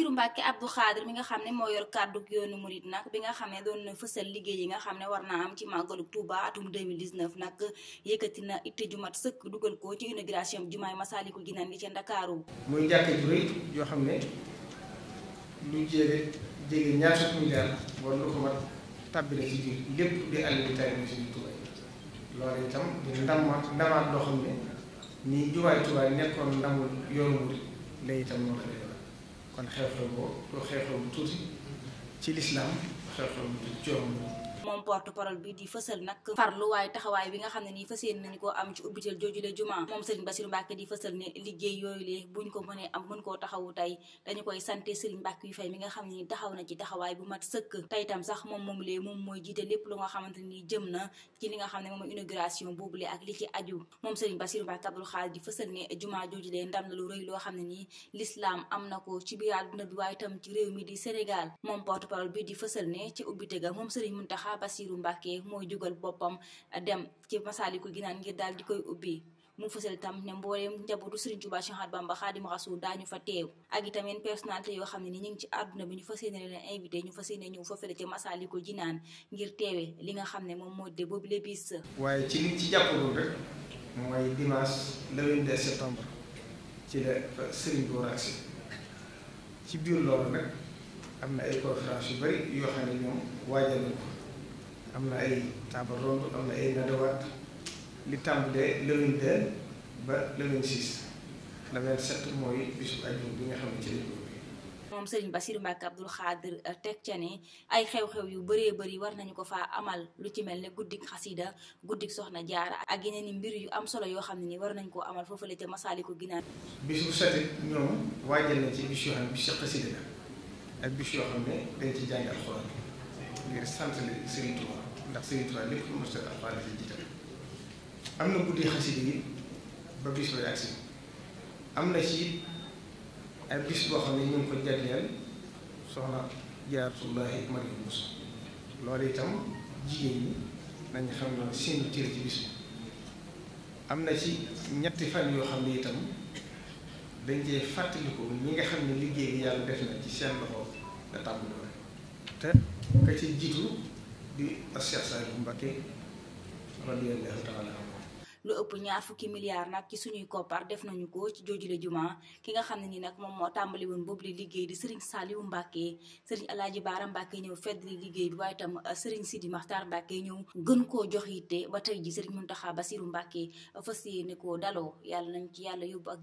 Bassirou Mbacke Abdou Khadre mi nga xam ne moo yor kàddu yoonu murit nag bi nga xam ne doon na fësal liggéey yi nga xam ne war naa am ci màggalu Touba atum 2019 nag yëkkati na itte ju ko ci inauguration jumaay Masaalikul Jinaan gi ca Ndakaaru muy jàkk yoo xam ne lu di àll taalibe Sëriñ Touba loolu itam di ndamaat kon xew-xew boobu xew-xew bu tuuti ci lislaam xew-xew bu tuuti moom porte parole bi di fësal nag farlu waaye taxawaay bi nga xam ne nii fas yéene nañu koo am ci ubbiteel joojule juma moom sëriñ Bassirou Mbacke di fësal ne liggéey yooyu lee buñ ko am mën na ci taxawaay bu mat sëkk tey tam sax moom moom lee moom mooy jiite lépp lu nga xamante ni jëm na ci li nga xam ne moom inauguration boobule ak li ci aju moom sëriñ Bassirou Mbacke Abdoul Khadr di fësal ne juma joojulee ndam la lu rëy loo xam ne nii l'islam am na ko ci biir àdduna bi waaye tam ci réew mi di Sénégal moom porte parole bi di fësal ne ci ubbite ga moom sëriñ Muntaxa Bassirou Mbacké mooy jugal boppam dem ci Masaalikul Jinaan ngir daal di koy ubbi mu fësal tam ne mbooleem njabootu Serigne Touba Cheikh Ahmadou Bamba fa teew ak itam yenn yoo xam ne ni ñu ngi ci àdduna bi ñu fas yéene leen invité ñu fas yéene ñëw foofale ca Jinaan ngir teewee li nga xam ne moom moo de boobu le bis. waaye ci li ci jàppalul rek mooy dimanche le 22 septembre ci la Serigne Bour ak ci biir loolu nag am na ay conférence yu bari yoo xam ne ñoom waajal nañ am na ay table ronde am na ay nadawaat li tàmbalee le 22 ba le 26 le 27 mooy bisu ajjuma bi nga xam ne ci lañ ko moom sëriñ Bassirou Mbacké Abdoul Khadir teg ca ne ay xew-xew yu bëree bëri war nañu ko faa amal lu ci mel ne guddik xasida guddik soxna jaar ak yeneen i mbir yu am solo yoo xam ne ni war nañ koo amal foofale ca Masaalikul Jinaan bis bu setit ñoom waajal nañ ci bis yoo xam ne bis yoo xam ne dañ ci jàng alxuraan ngir sant leen Serigne ndax Serigne Touba lépp lu am na guddi xasida yi ba bis ba yàgg si am na ci ay bis boo xam ne ñu ngi ko jagleel soxna Jaaratullaahi Mariam Bousso loolu itam jigéen ñi nañu xam ne seen cër ci bis am na ci ñetti fan yoo xam ne itam dañ cee fàttaliku ñi nga xam ne liggéey yàlla def na ci seen loxo la tàmbali te ka ci jiitu di Cheikh Saliou Mbacké radiyallahu lu ëpp ñaar fukki milliards nag ci suñuy koppar def nañu ko ci joojule juma ki nga xam ne ni nag moom moo tàmbali woon boobu li liggéey di Serigne Saliou Mbacké Serigne ñëw fedd liggéey bi waaye itam euh, Serigne gën koo jox yitte ba tey ji Serigne Mountakha Bassirou Mbacké fas yéene koo daloo yàlla nañ ci yàlla yóbbu ak